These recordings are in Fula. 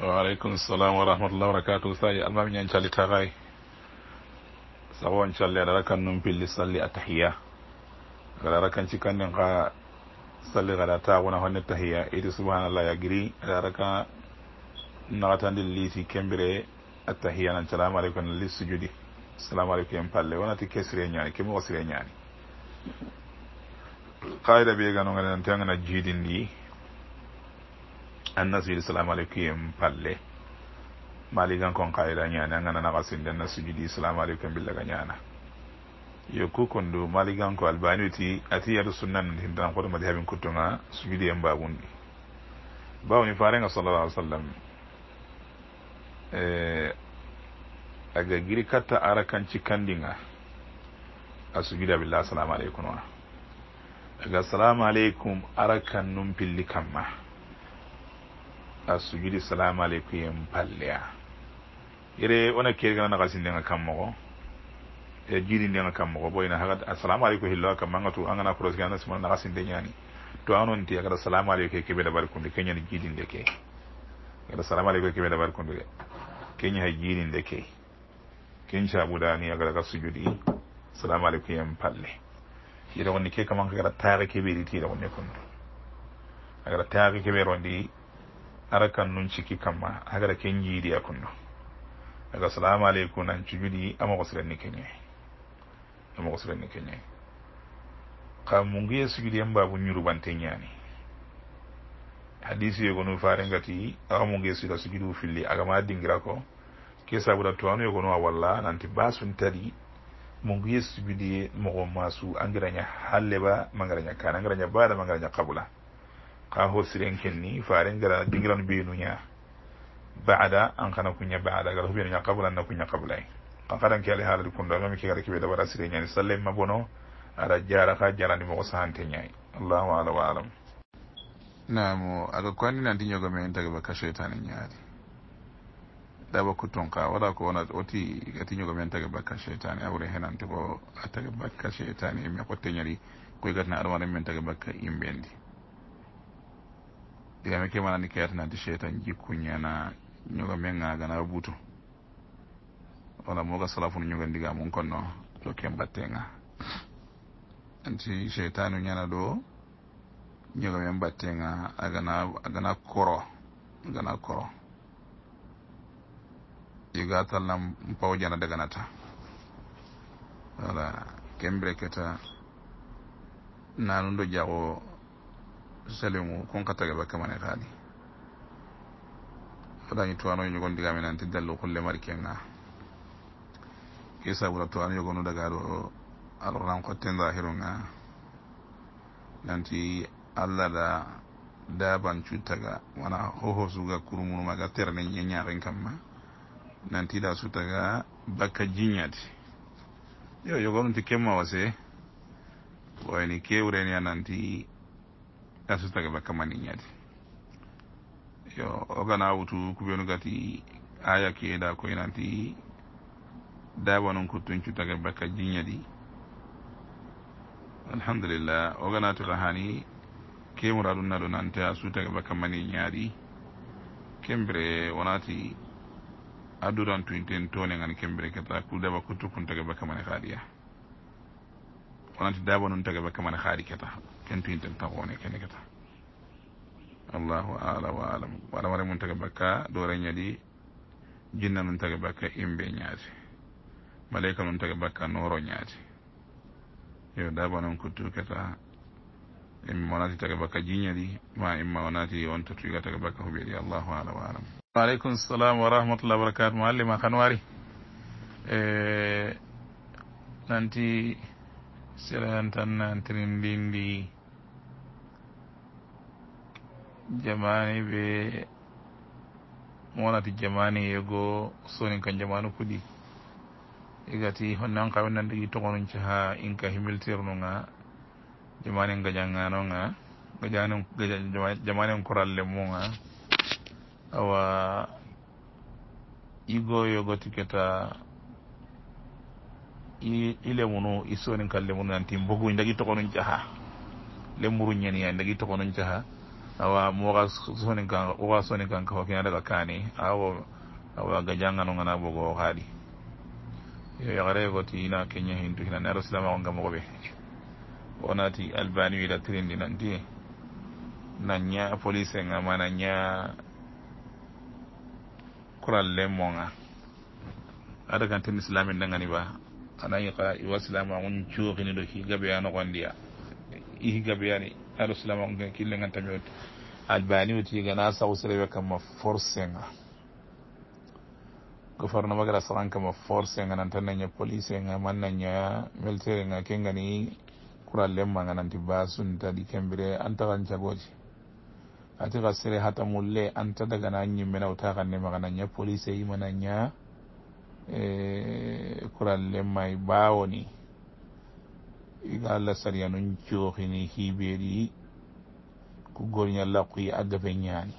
waaleykum salam wa rahmatullah wabarakatu sayi almami ñan calli taxay sawon calli aɗa rakan num pilli salli a tahiya gaɗa rakan cikkanndin xa salli xaɗa taxuna honne tahiya iti subhanallah yagiri aɗa raka naxatandi liiti kembire a tahiya nan salamu aleykum na li sujudi salamu aleykum yen palle wonati ke sire ñaani ke moxo sire ñaani xayida ɓeganongane nan tengana jiidindi annasiri salamu aleykum palle maligankon kayira ñaane angana naxa sindi annasujudi salamu aleykum billaga ñaana yo kukondu maliganko albanio ti ati yatu sunnan tintan kotomati habin kuttunga sujudi en mbagundi bawni farenga salalah alih w sallam eh, aga giri katta arakanci kandinga a sujudi abillah assalamu aleykum wa aga salamu aleykum arakan num pilli kamma asujudi salamu aleykum yen palleya ire ona kerigana nakasi ndenga kammoxo e jiri ndenga kammoxo boyna haa asalamu aleykum hillo a kamma angatu angana prosi ana simana nakasi nde ñani to anonti agata salamu aleykum keɓe dabarikunde keñani jiri nde ke agata salamu aleykum keɓe dabarikunde keña ha jiri nde ke keñ cabudani agataka sujudi salamu aleykum yen palle ire onni ke kamanka gata taxe keɓeriti ire onni kundu agata taxe keɓe rondi ara kan nun ciki kamma agara ken yiidi a kunno aga asalamu aleykum nan cujudi amogo sirenni keñe amogo sirenni keñe ka mungiye sujudi en babu ñurubante ñaani hadisi yogonu faren gati awa mungiye sujuda sujudi filli aga ma dingira ko ke sabuda towanu yogonu a walla nanti basun tari mungiye sujudi mogo masu angiraña halle ba mangaraña kane angiraña baada mangaraña kabula ka hossiren kenni fare gara dingirano ɓeynuña bada an kana kuña bada gara ho ɓeynuña qabla anna kuña qablay kankaɗan ke ala haalade kundal mami ke gara keɓe dabara sire ñani salle ma bono aɗa jara ka jarani mogo sahante ñay allahu ala wa alam namo aga ko andi nanti ñogo men dagaba ka cheytani ñaari daba ko ton ka wala ko wona oti gati ñogo men taga bakka cheytani awre henanti ko a taga bakka cheytani e mi ko teñari koy gatna aɗa wara men taga bakka imɓendi igame ke manani keyatinanti cheitan jikkuñana ñoga menga gana butu wala moga salafunu ñogandiga mun konno lo ken battenga anti cheitanu nyana do nyoga men battenga agana agana koro agana koro iga talla pawo jana nata wala kembre keta nanun ɗo jago salimu kon kattaga bakka mane taadi fadañi tuwano ñogon digame nanti dallu kulle mari kenga ke sabula tuwano yogonu daga ɗo alquran kotten zahirunga nanti allah da daban cuttaga wona hohosuga kurumunumaga terne ñañaren kamma nanti da sutaga bakka jinyati yo yogonunti kemma wase wayni kewreni a nanti asustake ba kamani nyati yo ogana wutu kuɓenu gati aya keeda koynanti dawanun ko tuncutage bakka jiñadi alhamdulillah o gana tuka hani kemura ɗum naɗo nante a sutage bakka mani ñaaɗi kembire wonati aduran tu intento ngani tuinten tone gan kembire keta kudaba kutukuntage bakka mani haaliya wonanti daaba noon tagaɓe kamane haari keta kentuinten tagone kene keta allahu ala wa alam waɗa ware mum taga bakka ɗo reñadi jinna noon taga bakka imbe ñaati malayka noon taga bakka nooro ñaati yo daaba noon kottu keta imma wonati taga bakka jiñadi ma imma wonati wonta tuyga taga bakka huɓeeɗi allahu ala wa alam waaleykum salam wa rahmatullah wabarakatu mo allima kan wari e eh, nanti sirayan tan na tirindindi jamani be wonati jamani yego soni ka jamanu kudi igati honnan ka wonnan digi togonun ci ha inka himiltirnu nga jamani gajangano nga gajani jamani kuralle mu nga awa igo yego tiketa i lemunu i soninka lemunu nanti mbogu ndagi toxonun caxa lemuru ñania ndagi toxonun caxa awa moxa soninkan oxa soninkan ka fo kina daga kaani awo awa gajanganongana bogo xaadi yo yaxarego ti ina keña hintu hina ne arosilamaxonga moxo ɓe wonati albani wida tirindi nanti na ña police nga ma na ña kural le monga adagan ten islamin dangani ba ana yiqa iwa silamagun cuuxini ɗo ki gabeya noxondiya i gabeyani aɗo silamagun ke killengan tamiot albani wuti gana saxu sereɓe kamma forcenga gouvernement gara saxan kamma forcenga nanta naña policenga man naña militairenga kengani coural lemmanga nanti basuntaɗi kembire antaxan cagoji ati xa sere xatamulle anta dagana ñimmenawta xanne maxa naña police imananña Eh, kuralle bawo ne iga lasar yanun kyohi ne hiberi cooxini yalla ku yi kuyi agafe ñaani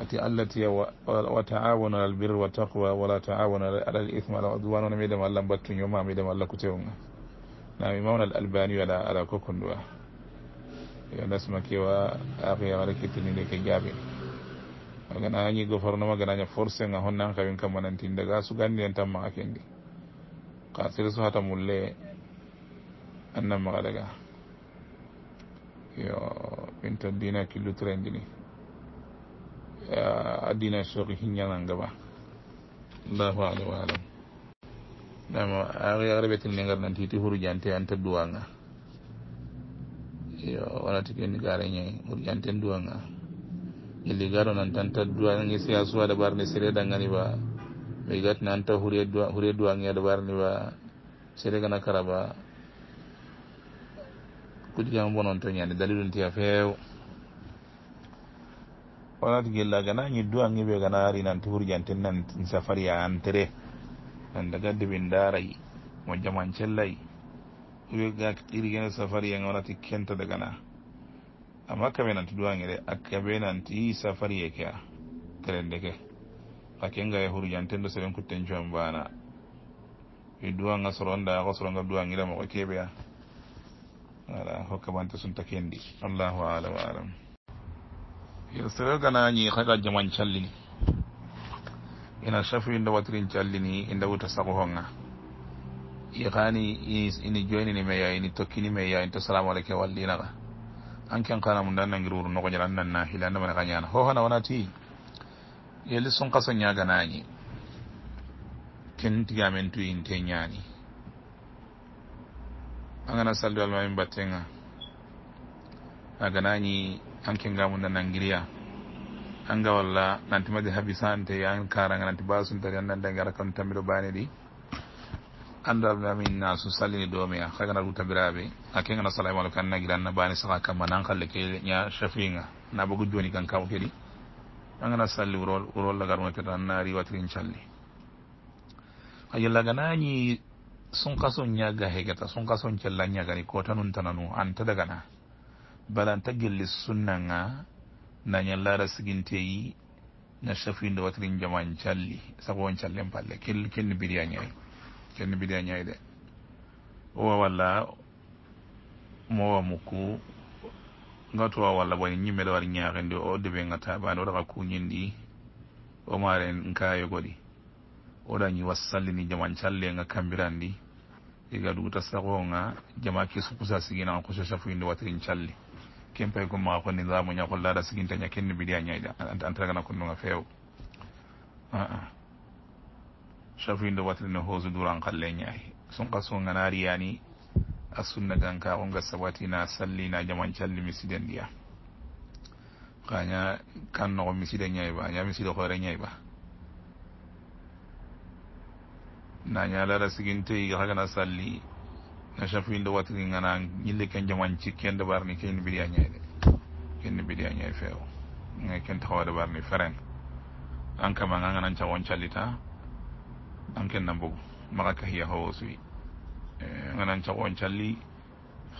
ati allah tiya wa taawanu alal birre wa taqwa wa wala taawanu alal ithme ala udwan ona meɗem allah battuñoma meɗem allah kutewga nami mawna al albani ala ala kokkonduwa yo nasma kewa axiya wala kettinide ke ne aganañi gofernement ganaña forcé nga honna an kawin kam manantin daga sugandi en tanmaga kendi ka sere so hata mulle annanmaga daga yo minta dina killutrendini adina soki hiñanangaba allahu ala wa alam nama ayagreɓetin ne garnantiti hurjante anta duwanga yo wanati kendi gareñayi hurjante duwanga ille gaaro nan tan ta duwage si a suwa dabarni sereda ngani ba mi gati nan ta hure duwage dabarni ba seregana kara ba kujigam bonon to ñande dalilun tiya few onati gella ganañi duwage ɓe gana ari nan ti hurjanten nan safariya antere nan dagadde ɓe daray mo jaman cellay ɓe ga ɗirigene safariyan onati kenta dagana amma nan kabenanti duwaŋere a nan ti safari ye ke a kerendeke xa kenga ye hurjantendo seben kutten cuan bana da i ga soronda xo soronga duwaŋira moxo keɓeya wala ho sun take ndi allahu alam alam yo sere gana ñi xaga jaman callini ina shafi inda watirin callini inda wuta sagohonga i xani ini yayi ni tokini tokkini yayi into salamu aleyke wallinaxa an ken kanamu dan nangir wuro nogoñira an nanna hila anda mana ka ñana hohana wona ti yelli sun kaso ñaganañi ken tigamen tu inte ñani angana saldi walma min battenga a ganañi an ken ngamu da nangiriya an ga walla nanti madi habisante an karanga nanti basuntari an nandangi arakanu tambiɗo bane ɗi andalamin na su sallini domea hagana rutabiraɓe a kegana salamualeku an nagiran nabani saha kamma nan halle ke ña chafinga na bogu joni gan kam kedi agana salli wurol wurol lagaruga keda anna riwatirin calli ayolaganañi sunkason ñagga hegeta sunkason cella ñagani kota nuntananu anta dagana bala anta gelle sunnanga naña lara siginteyi na chafinde watirin jaman calli sagoon callen palle kel kelni biriyañayi kenn bi dee ñooy de wa wala moo wa mukku nga tuwa towa walla ñi mel war ñaaxindi o deɓe nga taabaan taɓani oɗaxa kuñindi o nkaayo di mare nkayogoɗi oɗañi wassallini jaman callenga kambirandi iga duguta nga jama ki kesu kusa siginaxa kuso safuyindi watirin calli ken pay ko maxa ko nidamu ña xollaɗa sigintaña kenni bidiya ñayda antaragana nga feew a uh -uh. Ah. shafin da watan na hozu duran kallon ya yi sun kaso so nariya ne a sunna ganka on ga na salli na jaman calli da niya kanya kan na noxo miside ñayi ba ya ña miside xoore ñayi ba na ya lara yi haka na salli na shafin da shafindo watiri ngana ñille ken jaman ci ken debarni ken bidiya ñayi de ken bidiya ñayi feew da bar debarni feren an kama nga nganan cawon callita an kenna bogu maga kahiya howo suyi e, ganan cagon calli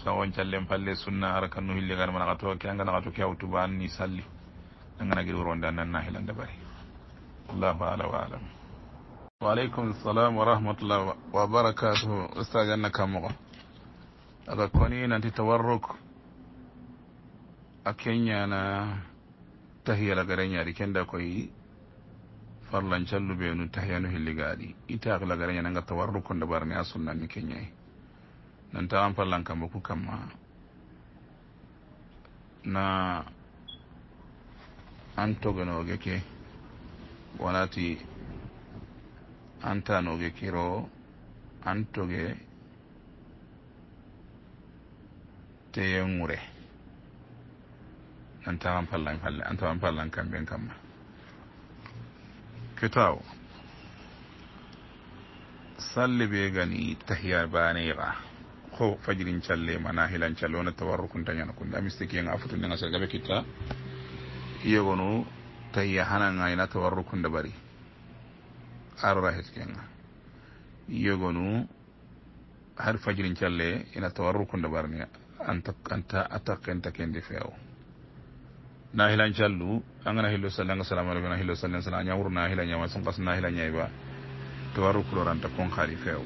cagon callen palle sunna ara kannu hille gana managa to ke angana gato ke awtuba an ni salli an gana gir woronde an nanna hilande bari allahu ala wa alam waaleykum salam wa rahmatullah wa barakatuhu ustage anna kammogo aga koni nanti tawarrok a kenñana tahiyala gareñaadi kennda koye farlan calluɓe nu tahyano helligaɗi itakla garaña nangatta warru konde barani a sunnanni keñayi e. nan tawan farlan kam boku kamma na an toganogeke wonati an tanoge kiro an toge teyenŋure nan tawan pallan falle an tawan pallan kamɓen kamma kitaw salle ɓe gani tahiya baneyra ho fajirin calle mana hilan calle wona tawarru kuntañana kunde amistikiega afotunega sel gaɓe kitta yegonu tahiya hananga ina tawarru kunde ɓari arora hetkega yegonu har fajirin calle ina tawarru kunde ɓarni anta a takkenta kendi fewo na hilan callu angana hillo salli anga salamu alaikum na hillo salli anga salamu anyawuru na hila nyawa sun kasu na hila nyaiba tawaru kuloranta kon khali few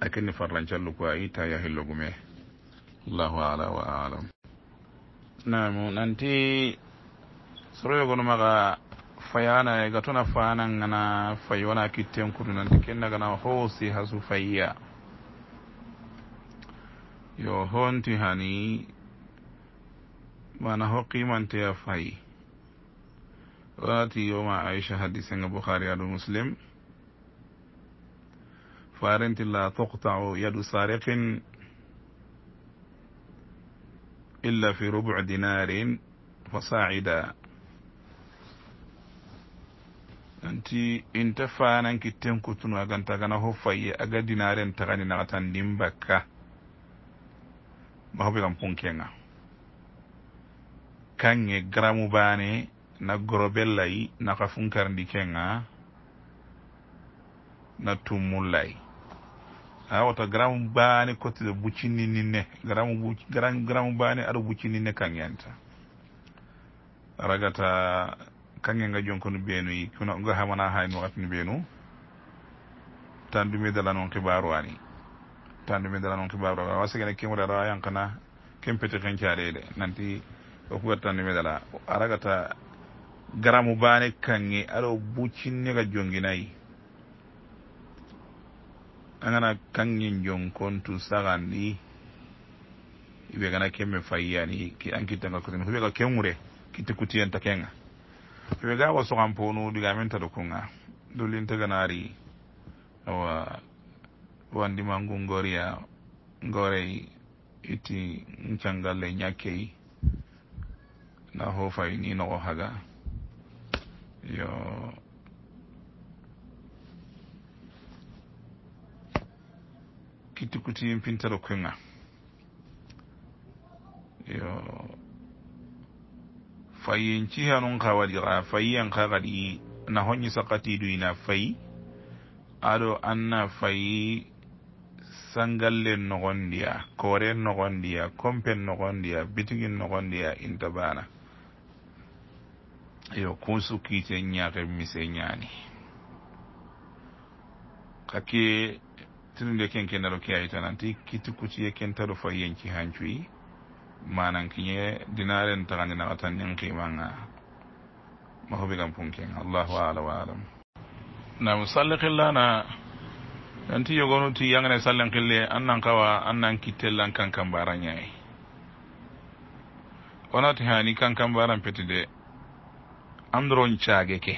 akinni farlan callu ko ayi ta ya hilo gume allahu ala wa alam namu nanti soroyo gono maga fayana e gatuna fana ngana fayona kitten kudu nanti kenna gana hosi hasu fayya yo honti hani mana hoqimanteya fayi onati yoma aicha hadice nga bouhari yadu muslim farenti la toktau yadu sarikin illa fi rubu dinarin fa saida anti inta fananki tenkutunu aganta gana ho faye aga dinaren taganinaxatan nin bakka mahoɓe kam punkenga kaŋŋe gramu baane na gorobellay naka funkarndi keŋa na tummullay awoto gramu baane kotido buccinnini ne gramu baane aɗo buccinni ne kaŋŋenta ragata kaŋŋe nga jonkonu beenuyi kuna nga hamana hayni wakatini beenu tandumi dala noon kibaru ani tandumi dala noon kibaru wasigene kemuɗe ara yankana kempeti kencaɗede nanti okugattandi medala aragata garamu bane kange aɗo buccinne ga jonginayi angana kangen jonkontu sagandi ibe gana kemme fayyani an kittanga kosini hoɓe ga kenŋure kitti kutiyenta kenga hoɓe ga wa sogan ponu digamen taɗo kunga dollintaganari awa wandima ngu ngoriya ngorey iti nchangale nyakei na ho fayni no haga yo kitukuti pintaro kunga yo fayin ci hanun ka wadi ra fayin ka gadi na honyi sakati du ina fayi ado anna fayi sangalle nogondiya kore nogondiya kompen nogondiya bitigin nogondiya intabana yo kusukiten ñaatemi se ñaani hakke tinude kenke naro kiyayita nanti kitti kuciye ken taɗo fa yenci hancuyi manan kiñe dinaren taxandinaxa tan nen qimanga mahobi gam punken allahu ala wa alam nam salle qillana nanti yogonu ti yangene sallen qille an nan kawa an nan kittellan kankambara ñayi onati hani kankambaran petide androncaage ke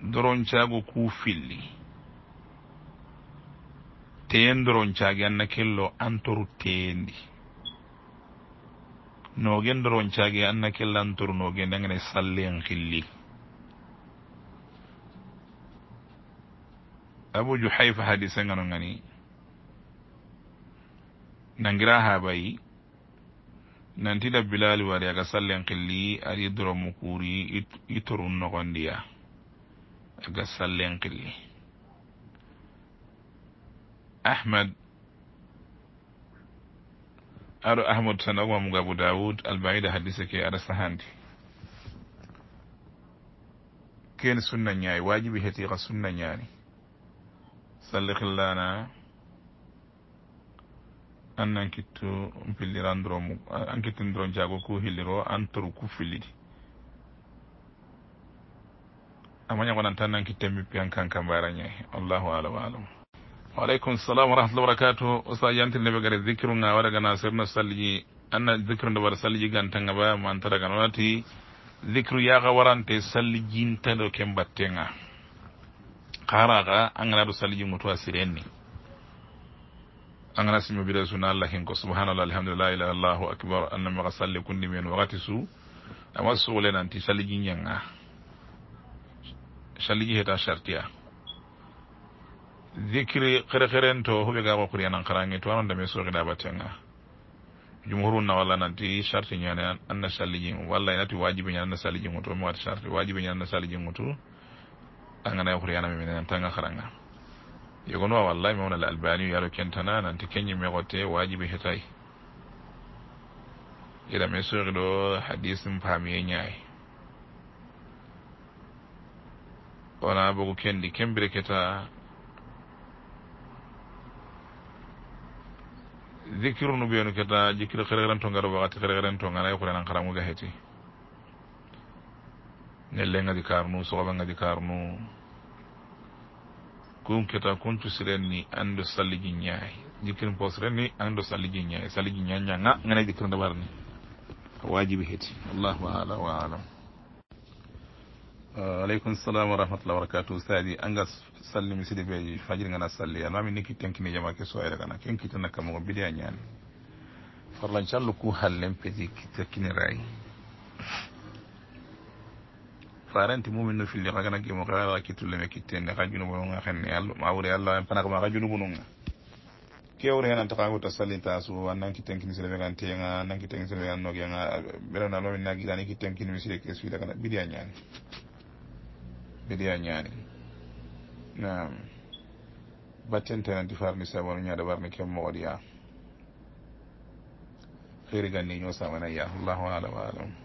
droncaago ku filli teyen droncaage anna kello antoru teyendi noogen droncaage anna kello antoru noogen dangene sallen xilli abu juhaifa hadise ngano ngani nangira habayi nantida bilali wari aga sallen qilli ari doromu kuuri i torun nogondiya aga sallen qilli ahmad aro ahmad sanogma mugabu daoud albaida hadise ke ara sahandi keni sunna ñaayi wajibi heti ka sunna ñaani salli qillana an ankittu mpillir andro mu ankittindiro jaago ko hilliro antoru ku filliɗi amaña gonanta an ankitte mbippi han kanka mbaranie wallahu alam wa alam wa aleykum salam wa rahmatullah wabarakatu osa yantirne ɓe gare dicre nga waɗagana serno salliji anna dicre nde waɗa salliji gantanga ba mantaragana onati dicre yaaka warante sallijintaɗo ke mbatte nga haraka angana ɗo salliji ngo to a sirenni an gana simi bida suna allah hinko subhanallah alhamdulillah ila allahu akbar anna maga salli kundi men wakati su ama sugle nanti salligi ñenga salligi heta chartia zikri xere xeren to hoɓe ga xokuri anan xarange to anon dame soxi dabatenga jumhuru na walla nanti charti ñane anna salligin walla inati wajibe ñan anna salligin ŋutu omi wati charti wajibe ñan anna salligin ŋutu angana xuri anamemene nantanga xaranga yegono a wallahi mawna al albani yaro kentana nante keñi mexote wajibi hetay yeɗame sori ɗo hadisem paamiye ñaay wona bogu kendi kembire keta zicre nu ɓiyonu keta jicre xereren tongaro waxati xereren tonga nayi xurenan xaramuga heti nelleng adi kaarnu soxoɓeng adi kaarnu kum keta kuntu siren ni ando salliji ñaayi jikkirim po siren ni ando salliji ñaayi salliji ñaayi ñaga ngane jikkiri ndabar ni wajibi heti wallahu ala wa alam ah, aleykum salam wa rahmatullah wa barakatuh saydi anga sallimi sidi beji fajir ngana salli anami ni ki tenkini jamake soyre kana ken kitanakamoko bidi a ñaani farlan callu ku hallen peti ki tekkini rayi faranti mumin no filli ka kana gemo ka ala kitulle me kitende ka junubu nga xenne allo ma wure alla pana ma ka junubu nga ke wure hena ta kago tasalita su annan kiten kin sele kan te nga nan kiten sele kan no nga bera na lo minna gidani kiten kin misile ke su kana bidiya nyani bidiya nyani na batten tan di farni sabon nya da barni kem mo wadiya خير قال نيوسا ونيا الله أعلم وأعلم